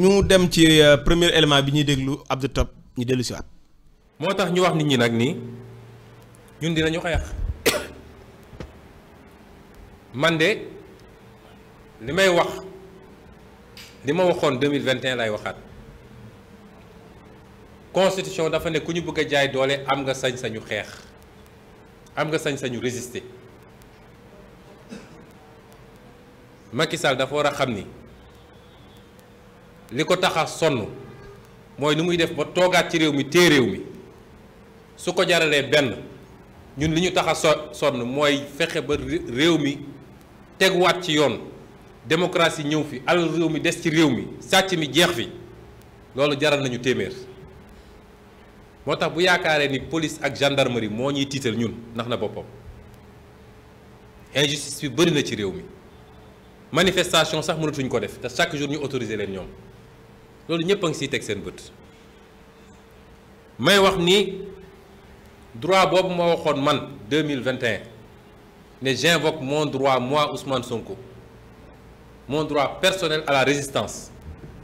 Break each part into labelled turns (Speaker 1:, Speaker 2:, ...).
Speaker 1: ñu dem ci euh, premier élément bi ñuy déglu Abdou Top ñu dellu si waat moo tax ñu wax
Speaker 2: nit ñi nag nii ñun dinañu xeex man de li may wax li ma waxoon 2021 lay waxaat constitution dafa ne ku ñu a jaay doole am nga sañ-sañu xeex am nga sañ-sañu résister Macky Sall dafa a xam ni. li ko tax a sonn mooy nu muy def ba toogaat ci réew mi tée réew mi su ko jaralee benn ñun li ñu tax a so sonn mooy fexe ba réew mi teguwaat ci yoon démocratie ñëw fi alal réew mi des ci réew mi sàcc mi jeex fi loolu jaral nañu téeméer moo tax bu yaakaaree ni police ak gendarmerie moo ñuy tiital ñun ndax na boppam injustice bi bëri na ci réew mi manifestation sax mënatuñ ko def te chaque jour ñu autoriser leen ñoom loolu ñëpp a ngi siy teg seen bët may wax ni droit boobu ma waxoon man 2021 ne j'invoque mon mois moi Ousmane Sonko mon droit personnel à la résistance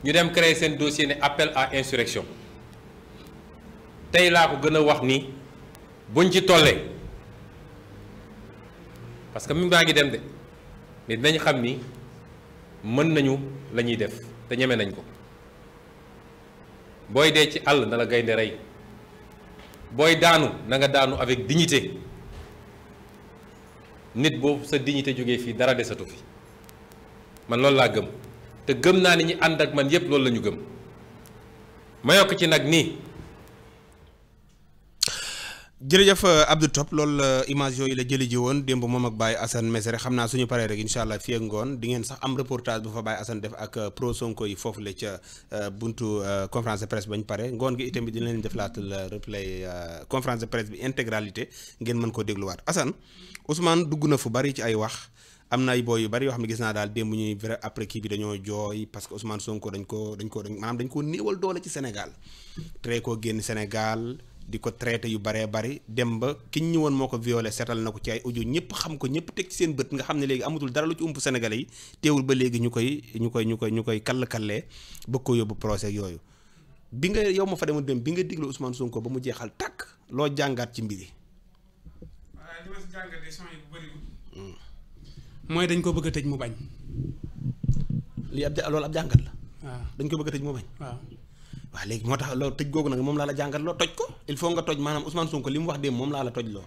Speaker 2: ñu dem créer seen dossier ne appel à insurection tey laa ko gën a wax ni buñ ci tollee parce que mi maa ngi dem de mais dinañ xam ni mën nañu la ñuy def te ñeme nañ ko. booy dee ci àll na la gaynde rey booy daanu na nga daanu avec dignité nit boobu sa dignité jóge fii dara desatu fi man loolu laa gëm te gëm naa ni ñu ànd ak man yépp loolu lañu gëm ma yokk ci nag nii
Speaker 1: jërëjëf euh, Abdou Top loolu la euh, image yooyu la jëli ji woon démb moom ak Baye Assane Mesere xam naa suñu paree rek incha allah fii ak ngoon di ngeen sax am reportage bu fa Baye Assane def ak euh, pro Sonko yi foofu la ca buntu conférence de presse bañ pare ngoon gi itam bi dina leen deflaatal replay conférence de presse bi intégralité ngeen mën koo dégluwaat Assane Ousmane dugg na fu bari ci ay wax am na ay booy yu bari yoo xam ne gis naa daal démb ñuy vrai après kii bi dañoo jooy que Ousmane Sonko dañ ko dañ ko dañ maanaam dañ ko néewal doole ci Sénégal tere koo génn di ko traité yu baree bari dem ba kiñ ñi moo ko violé seetal na ko ci ay audio ñëpp xam ko ñëpp teg ci seen bët nga xam ne léegi amatul dara lu ci ump Sénégalais yi teewul ba léegi ñu koy ñu koy ñu koy ñu koy kall-kallee bëgg ko yóbbu procès yooyu bi nga yow ma fa demoon dem bi nga diglu Ousmane Sonko ba mu jeexal tàkk loo jàngaat ci mbir mooy dañ ko bëgg a tëj mu bañ. lii ab ja loolu ab jàngat la. waaw dañ ko bëgg a tëj mu bañ. waaw waaw léegi moo tax loolu tëj googu nag moom laa la jàngat loo toj ko il faut nga toj maanaam Ousmane Sonko li mu wax démb moom laa la toj loo.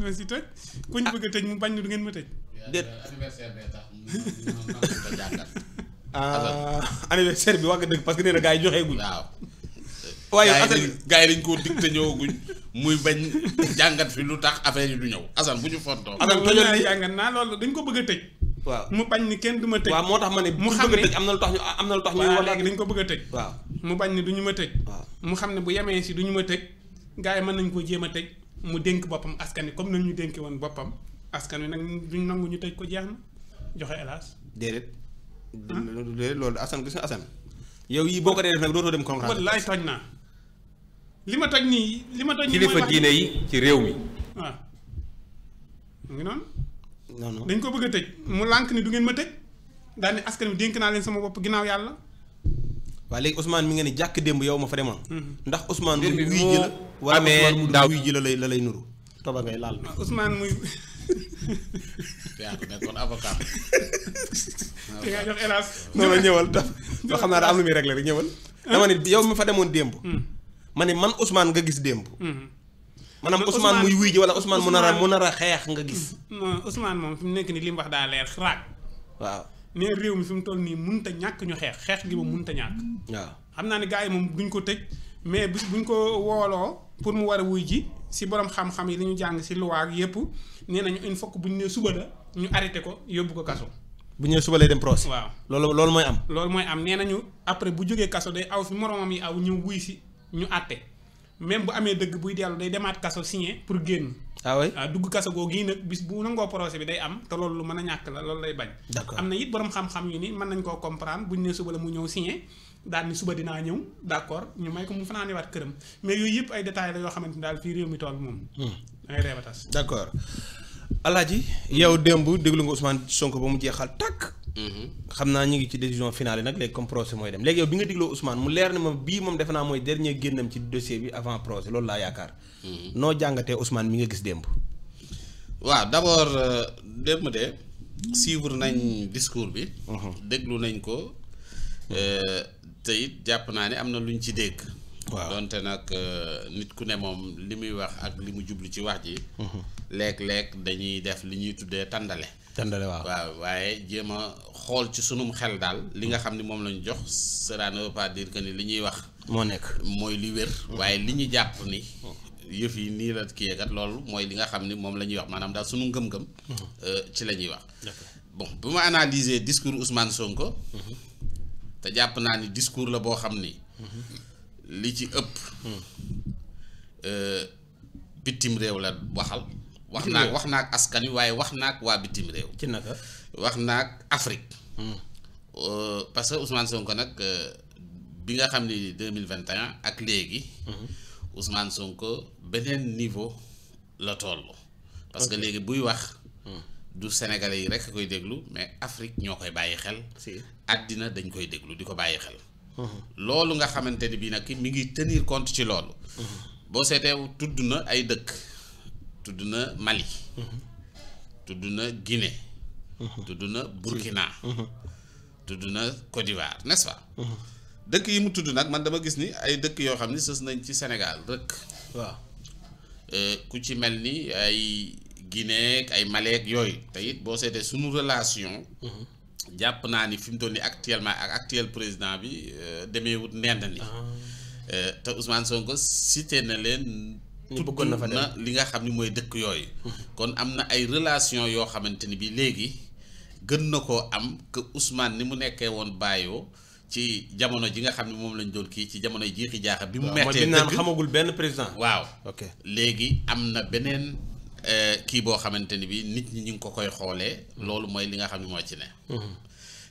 Speaker 3: non si toj ku mu bañ du ngeen
Speaker 1: ma tëj. déet
Speaker 4: anniversaire bee ah, bi wax nga parce que nee joxee guñ. waaw waaye Assane gars yi dañ koo dig te ñëwaguñ muy bañ jàngat fi lu tax affaire yi du ñëw Assane bu ñu fontoo. Assane tojal li
Speaker 3: jàngat naa loolu dañ ko bëgg a tëj. waaw mu bañ ni kenn du ma tëj. waaw moo tax ma ne mu xam ne am na lu tax ñu am na lu tax ñu wax ko bëgg a waaw mu bañ ni du ñu ma tëj waaw mu xam ne bu yemee si duñu ma tëj gars yi mën nañ ko jéem a tëj mu dénk boppam askan wi comme nañ ñu dénk woon boppam askan wi nag duñ nangu ñu tëj ko jeex joxe hélas
Speaker 1: déedéet déedéet loolu Assane gis nga Assane yow yii boo ko dee def nag dootoo dem conférence wallaay toj naa
Speaker 3: li ma toj nii li ma toj nii kilifa diine yi ci réew mi waaw mu ngi noonu
Speaker 2: dañ ko bëgg a tëj
Speaker 3: mu lànk ni du ngeen ma tëj daal ni askan wi dénk naa leen sama bopp ginnaaw yàlla
Speaker 1: waaw léegi Ousmane mi nga ne jàkk démb yow ma fa demoon mm-hmm. ndax Ousmane mu wuy ji la wala lay la lay nuru toba ngay laal ah, Ousmane muy yaa nekkoon avocat te nga noonu ñëwal tax yoo xam naa daa am lu muy réglé rek ñëwal ah. dama ne yow mi fa demoon démb mm. ma ne man Ousmane nga gis démb mm-hmm. maanaam Ousmane muy wuy ji wala Ousmane mu nar a mu nar a xeex nga gis.
Speaker 3: non Ousmane moom fi mu nekk nii li mu wax daa leer raag. waaw ne réew mi fi mu toll nii mënut a ñàkk ñu xeex xeex gi moom mënut a ñàkk. waaw xam naa ne gars yi moom duñ ko tëj mais bis ñu ko wooloo pour mu war a wuy ji si borom xam-xam yi li ñu jàng si luwaag yëpp nee nañu il faut bu ñu nee suba la ñu arrêté ko yóbbu ko kaso.
Speaker 1: bu ñëwee suba lay dem procès. waaw loolu loolu mooy am.
Speaker 3: loolu mooy am nee nañu après bu jógee kaso day aw fi moromam aw ñu wuy si ñu àtte même bu amee dëgg buy dellu day demaat kaso signé pour génn. ah oui waaw ah, dugg kaso googu yi nag bis bu nangoo procès bi day am te loolu lu mën a ñàkk la loolu lay bañ. d'accord am na it borom xam-xam yu ni mën nañ koo comprendre buñ ne suba la mu ñëw signé. daal ni suba dinaa ñëw d'accord ñu may ko mu fanaane waat këram mais yooyu yëpp ay détails la yoo xamante ni daal fii réew mi toll moom. Hmm. da ngay reebatas. d'accord
Speaker 1: Alaaji yow démb déglu nga Ousmane Sonko ba mu jeexal tàkk. Mm-hmm. xam naa ñu ngi ci décision finale yi nag léegi comme procès mooy dem léegi yow bi nga digloo Ousmane mu leer ne moom bii moom defe naa mooy dernier génnam ci dossier bi avant procès loolu laa
Speaker 4: yaakaar. Mm-hmm.
Speaker 1: noo jàngatee Ousmane mi nga gis démb.
Speaker 4: waaw d' abord euh, démb de suivre nañ discours bi. Mm-hmm. déglu nañ ko euh, te jàpp naa ne am na lu luñ ci dégg. waaw donte nag euh, nit ku ne moom li muy wax ak li mu jublu ci wax ji. léeg-léeg dañuy def li ñuy tuddee tàndale. tëndale waaw waaye jéem a xool ci sunum xel daal li nga xam ni moom lañ jox cela ne ni li ñuy wax. moo nekk mooy li wér. waaye li ñu jàpp ni. yëf yi nii la kii loolu mooy li nga xam ni moom la ñuy wax maanaam daal sunu ngëm-ngëm. Mhm. ci la ñuy wax. bon bu ma analyser discours Ousmane Sonko. Mhm. te jàpp naa ni discours la boo xam ni. Mhm. li ci ëpp. Euh, bitim réew la waxal. wax naag wax naag askan wi waaye wax naag waa bitim réew. ci naka wax naag Afrique. Hmm. Euh, parce que Ousmane Sonko nag euh, bi nga xam ni deux mille vingt et un ak léegi. Hmm. Ousmane Sonko beneen niveau la toll. parce que léegi buy wax. Hmm. du Sénégalais yi rek koy déglu mais Afrique ñoo koy bàyyi xel. si àddina dañ koy déglu di ko bàyyi xel. loolu nga xamante ni bii nag mi ngi tenir compte ci loolu. boo seetee tudd na ay dëkk. tudd na Mali. Mm-hmm. tudd na Guinée. Mm-hmm. tudd na Burkina. Mm-hmm. tudd na Côte d'Ivoire n'est-ce dëkk yi mu tudd nag man dama gis ni ay dëkk yoo xam ni sës nañ ci senegal rek. waaw euh, ku ci mel ni ay Guinée ak ay Mali ak yooyu te boo seetee suñu relation. jàpp naa ni fi mu toll nii actuellement ak actuel président bi euh, demeewut nend ni ah. euh, te Ousmane Sonko cité na leen. ñu bëggoon na fa dem li nga xam ni mooy dëkk yooyu. kon am na ay relation yoo xamante ni bi léegi gën na koo am que Ousmane ni mu nekkee woon bàyyoo ci jamono ji nga xam ne moom lañ doon kii ci jamono jiixi jaaxa bi mu mettee dëkk xamagul benn président. waaw ok léegi am na beneen euh, kii boo xamante ni bi nit ñi ñu ngi ko koy xoolee. loolu mooy li nga xam ne moo ci ne. Mhm.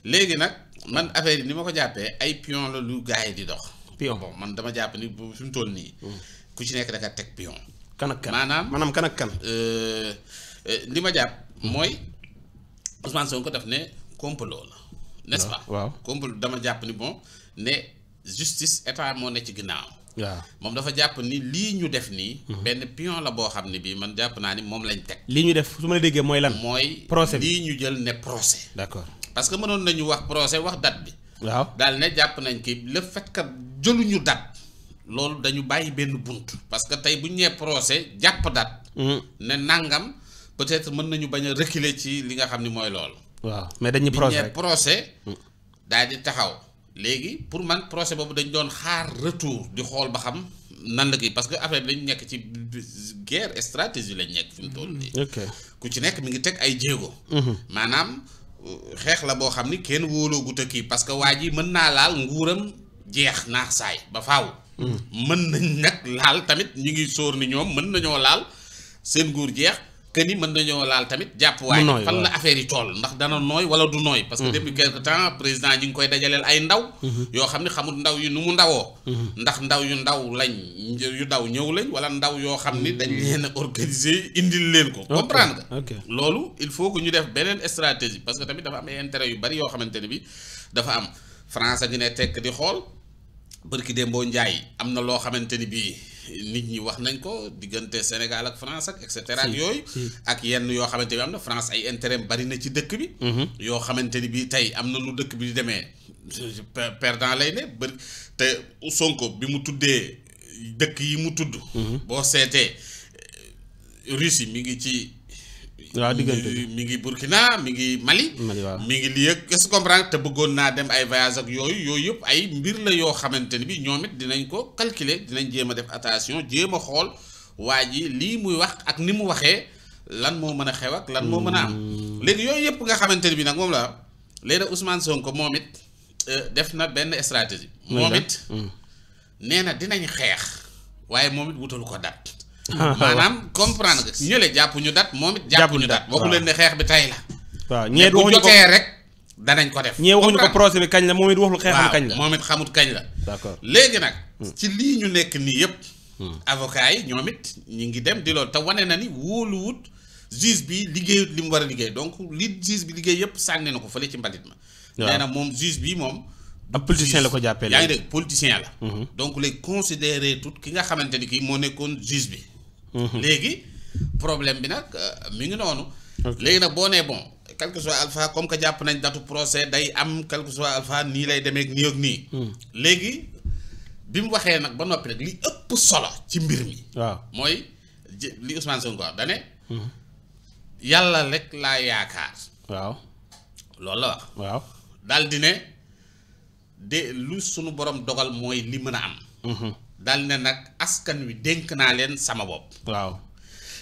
Speaker 4: léegi nag man affaire yi ni ma ko jàppee ay pion la lu gars yi di dox. piyon bon man dama jàpp ni bu fi mu toll nii. Mhm. ku ci nekk da nga teg pion. kan ak kan maanaam maanaam kan ak kan. Euh, euh, li ma jàpp mooy Ousmane ko daf ne complot la. n'est-ce pas waaw complot dama jàpp ni bon ne justice état moo ne ci ginnaaw. waaw moom dafa jàpp ni lii ñu def nii. Mhm. benn pion la boo xam ne bii man jàpp naa ni moom lañ teg.
Speaker 1: lii ñu def su ma la déggee mooy lan. mooy procès lii
Speaker 4: ñu jël ne procès. d'accord parce que mënoon nañu wax procès wax date bi. waaw daal ne jàpp nañ kii le fait jëluñu date. loolu dañu bàyyi benn bunt parce que tey bu ñu nee procès jàpp dat mm-hmm. ne nangam peut-être mën nañu bañ a reculer ci li nga xam ni mooy loolu.
Speaker 1: waaw mais dañuy procès bu procès. Mm.
Speaker 4: dal di taxaw léegi pour man procès boobu dañu doon xaar retour di xool ba xam nan la kii parce que affaire dañu nekk ci guerre stratégie lañ nekk fi mu toll nii. Mm-hmm. ku ci nekk mi ngi teg ay jéego. Mm-hmm. maanaam euh, xeex la boo xam ni kenn wóoloogut a kii parce que waa ji mën naa laal nguuram jeex naax saay ba faaw. mën nañ nag laal tamit ñu ngi soor ni ñoom mën nañoo laal seen nguur jeex que ni mën nañoo laal tamit jàpp waaye fan na affaire yi tool ndax dana nooy wala du nooy parce que mm-hmm. depuis quelque temps président ñi ngi koy dajaleel ay ndaw mm-hmm. yoo xam ne xamul ndaw yi nu mu ndawoo mm-hmm. ndax ndaw yu ndaw lañ yu daw ñëw lañ wala ndaw yoo xam ni dañ leen a organiser indil leen ko
Speaker 1: comprendre nga
Speaker 4: loolu il faut que ñu def beneen stratégie parce que tamit dafa am ay yu bari yoo xamante ne bi dafa am France a ngi ne di xool bërki Dembo njaay am na loo xamante ni bii nit ñi wax nañ ko diggante Sénégal ak France ak et cetera ak yooyu ak yenn yoo xamante bi am na France ay intérêt bari na ci dëkk bi mm-hmm. yoo xamante ni bii tey am na lu dëkk bi di demee perdant lay ne bëri te Sonko bi mu tuddee dëkk yi mu tudd mm-hmm. boo seetee Russie mi ngi ci waaw diggante mi ngi Burkina mi ngi Mali. Mali mi ngi lii ak est-ce te bëggoon naa dem ay voyage ak yooyu yooyu yëpp ay mbir la yoo xamante ni bi ñoom it dinañ ko calculer dinañ jéem a def attention jéem a xool waa ji lii muy wax ak ni mu waxee lan moo mën a xew ak lan moo mën a am. Mm. léegi yooyu yëpp nga xamante ni bi nag moom la léegi nag Ousmane ko moom it euh, def na benn stratégie. moom it mm. nee na dinañ xeex waaye moom it wutalu ko dat maanaam comprendre nga ñële jàpp ñu dat moom it jàpp ñu dat waxu ne xeex bi tay la waaw ñee waxuñu ko danañ ko def ñee waxuñu ko procès bi kañ la moom it waxul xeexam kañ la moom it xamut kañ la d'accord léegi nag hmm. ci lii ñu nekk nii yëpp hmm. avocat yi ñoom it ñu ngi dem di lool te wane na ni wóoluwut juge bi liggéeyut li mu war a liggéey donc li juge bi liggéey yëpp sànni na ko fële ci mbalit ma nee moom juge bi moom
Speaker 2: ab politicien la ko jàppee yaa ngi dégg
Speaker 4: politicien la hmm. donc lay considéré tout ki nga xamante ni kii moo nekkoon juge bi Mm-hmm. léegi problème bi nag euh, mi ngi noonu. léegi nag boo nee bon quel que soit alpha comme que jàpp nañ datu procès day am quel que soit alpha nii lay demee nii ak nii. Mm. léegi bi mu waxee nag ba noppi rek li ëpp solo ci mbir mi. waaw mooy li Ousmane Sonko wax da ne. Mm-hmm. yàlla rek laa yaakaar. waaw loolu la wax. waaw daal di ne de lu sunu borom dogal mooy li mën a am. Mm-hmm. dal ne nag askan wi dénk naa leen sama bopp. waaw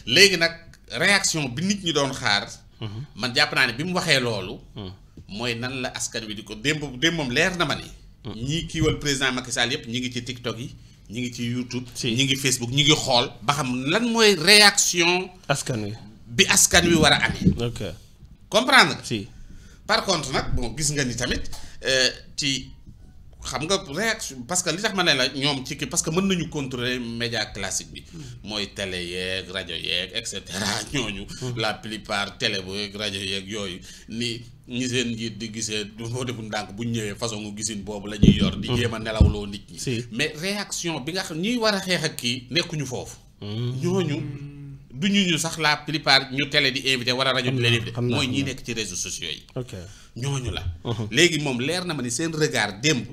Speaker 4: léegi nag réaction bi nit ñi doon xaar. Mhm. man jàpp naa ne bi mu waxee loolu. Mhm. mooy nan la askan wi di ko démb moom leer na ma ni. Mhm. ñii kiiwal président Macky Sall yëpp ñi ngi ci TikTok yi. ñi ngi ci YouTube. ñi ngi Facebook ñi ngi xool. ba xam lan mooy réaction. askan wi bi askan wi war a amee. ok comprendre nga. si par contre nag bon gis nga ni tamit euh, ci xam nga réaction parce que li tax ma ne la ñoom ci kii parce que mën nañu contrôler média classique bi hmm. mooy tele yeeg rajo yeeg et cetera ñooñu hmm. la plupart télé yeeg rajo yeeg yooyu ni ñi seen njiit di gisee boo defu ndànk bu ñëwee façon ngu boobu la ñuy yor di hmm. jéem a nelawloo nit ñi mais réaction bi nga xam ñuy war a ak kii nekkuñu foofu ñooñu du ñu ñu sax la plupart ñu télé di invité wala rajo di leen invité mooy ñi nekk ci réseaux sociaux yi ñooñu la léegi moom leer na ma ni seen regard démb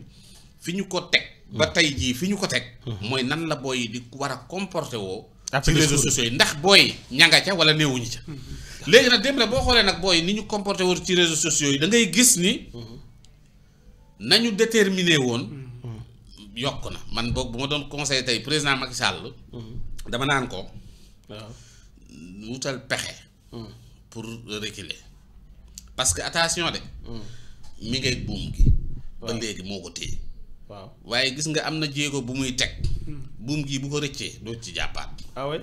Speaker 4: fi ñu ko teg. ba tey jii fi ñu ko teg. mooy nan la booy di war a comporté woo. ci réseaux sociaux yi ndax booy ña nga ca wala néewuñu ca. léegi nag démb na boo xoolee nag booy ni ñu comporté woo ci réseaux sociaux yi da ngay gis ni. nañu déterminé woon. yokk na man boog bu ma doon conseil tey président Macky Sall. dama naan ko. waaw wutal pexe. Hmm. pour reculer. parce que attention de. Hmm. mi buum gi. ba léegi moo ko téye. waaw waaye gis nga am na jéego bu muy teg. Hmm. buum gii bu ko rëccee doo ci jàppaat. ah oui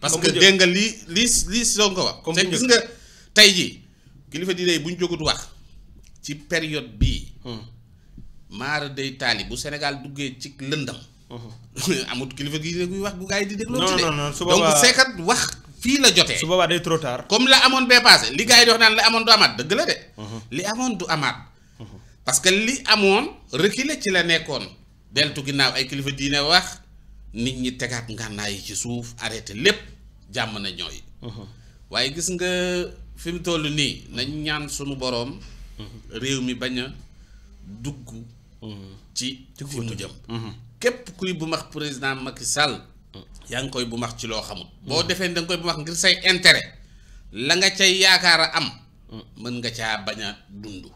Speaker 4: parce que dégg nga lii lii lii soo ko wax. comme te gis nga tey jii kilifa diine yi bu ñu jógut wax ci période bii. Hmm. maara day taali bu Sénégal duggee ci lëndam. Hmm. amut kilifa gi guy wax bu gars yi di déglu. non non non su wax fii la jotee. su boobaa day trop comme la amoon bee paase li gars yi di wax naan la amoon du amaat dëgg la de. li amoon du amaat. parce que li amoon reculer ci la nekkoon deltu ginnaaw ay kilifa diine wax nit ñi tegaat ngànnaay yi ci suuf arrêté lépp jàmm na ñooy. Uh-huh. waaye gis nga fi mu toll nii nañ ñaan sunu boroom. Uh-huh. réew mi bañ a dugg. Uh-huh. ci fi mu jëm. képp kuy bu max président Macky Sall. yaa ngi koy bu max ci loo xamul. boo defee da nga koy bu max ngir say intérêt la nga cay yaakaar a am. mën nga caa bañ a dund.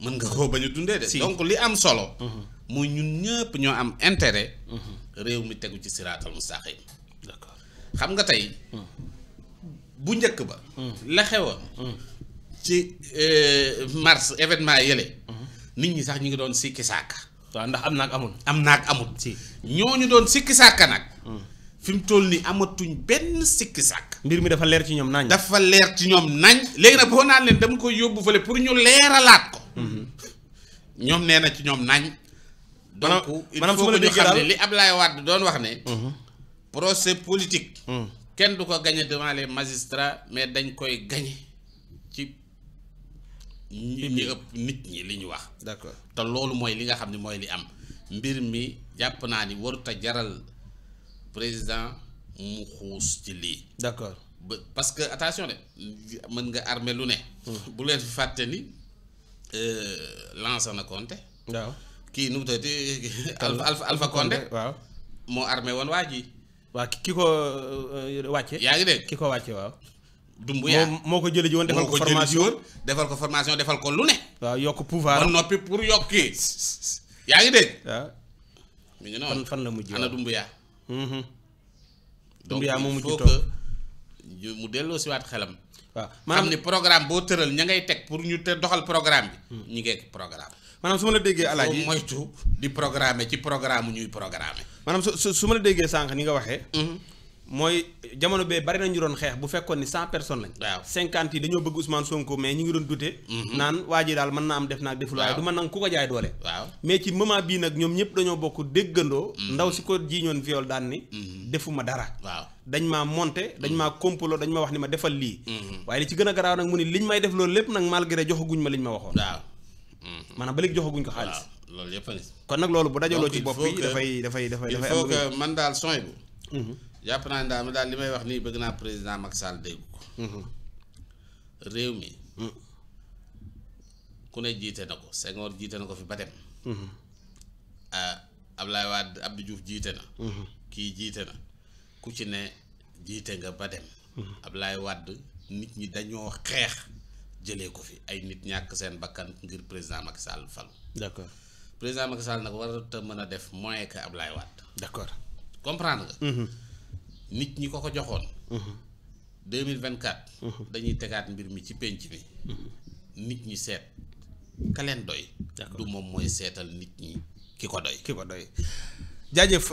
Speaker 4: mën nga koo ba ñu dundee de. donc li am solo. Mhm. mooy ñun ñëpp ñoo am intérêt. Mhm. réew mi tegu ci siraatal mustaqim. d'accord xam nga tey. Mhm. bu njëkk ba. la xewoon. ci euh, mars événement yële. nit ñi sax ñu ngi doon sikki sàkk waaw ndax am naag amul. am naag amul. si ñooñu doon sikki saaka nag. fi mu toll nii amatuñ benn sikki sàkk. mbir mi dafa leer ci ñoom nañ. dafa leer ci ñoom nañ. léegi nag boo naan leen dama koy yóbbu fële pour ñu leeralaat ko. ñoom nee na ci ñoom nañ. donc il faut que ñu xam ne li Ablaye Wade doon wax ne. Mhm. procès politique. Mhm. kenn du ko gagné devant les magistrats mais dañ koy gagné ci ñi ëpp nit ñi li ñu wax. d'accord te loolu mooy li nga xam ne mooy li am mbir mi jàpp naa ni warut a jaral président mu xuus ci lii. d'accord ba parce que attention de mën nga armé lu ne. Mhm. bu leen fàtte ni. Euh, Lansana Conté. waaw kii nu mu tëddee. Alpha Alpha Alpha waaw moo armé woon waa ji. waa ki ko euh, euh, wàcce. yaa ngi dégg ki ko wàcce waaw. Dumbuya moo moo ko jëlee ji woon defal ko formation defal ko formation defal ko lu ne. waaw yokk pouvoir ba noppi pour yokki yaa ngi dégg. waaw. mi fan la mujj ana Dumbuya. Dumbuya mhm. moo mujj toog mu delloo si waat xelam. waaw xam ni programme boo tëral ña ngay teg pour ñu te doxal programme bi. Hmm. ñu ngi programme. maanaam su ma la déggee alaaji moytu di programmer ci programme ñuy programmer. maanaam su su ma la déggee sànq ni nga waxee. Hmm.
Speaker 1: mooy jamono bee bari nañu doon xeex bu fekkoon ni cent personnes lañ. waaw cinquante yi dañoo bëgg Ousmane Sonko mais ñu ngi doon dute. Hmm. naan waa ji daal mën naa am def naa deful. waaye du mën nag ku ko jaay doole. waaw mais ci moment bii nag ñoom ñëpp dañoo bokk déggandoo. ndaw si ko jiiñoon viol daan ni. defuma dara. dañ maa monté dañ maa complot dañ ma wax ni ma defal lii mm-hmm. waaye li ci gën a garaaw nag mu ni liñ may def loolu lépp nag malgré joxaguñ ma liñ ma waxoon waaw
Speaker 4: mm-hmm.
Speaker 1: maanaam ba léegi joxaguñ ko xaalis
Speaker 4: loolu yëpp kon nag loolu bu dajaloo ci bopp yi dafay dafay dafay dafay il man daal sony bu mm-hmm. jàpp naa daal ma daal li may wax nii bëgg naa président Macky Sall dégg ko réew mi ku ne jiite na ko fi ba dem ah, Abdoulaye Wade Abdou Diouf jiite na kii jiite na ku ci ne jiite nga ba dem Ablaye wadd nit ñi dañoo xeex jëlee ko fi ay nit ñàkk seen bakkan ngir président Macky Sall falu d'accord président Macky Sall nag warata mën a def moins que Ablaye Wade d'accord comprendre nga mhm. nit ñi ko ko joxoon 2024 mhm. mhm. dañuy tegaat mbir mi ci pénc mi nit ñi seet kaleen doy du moom mooy seetal nit ñi ki ko doy ki ko doy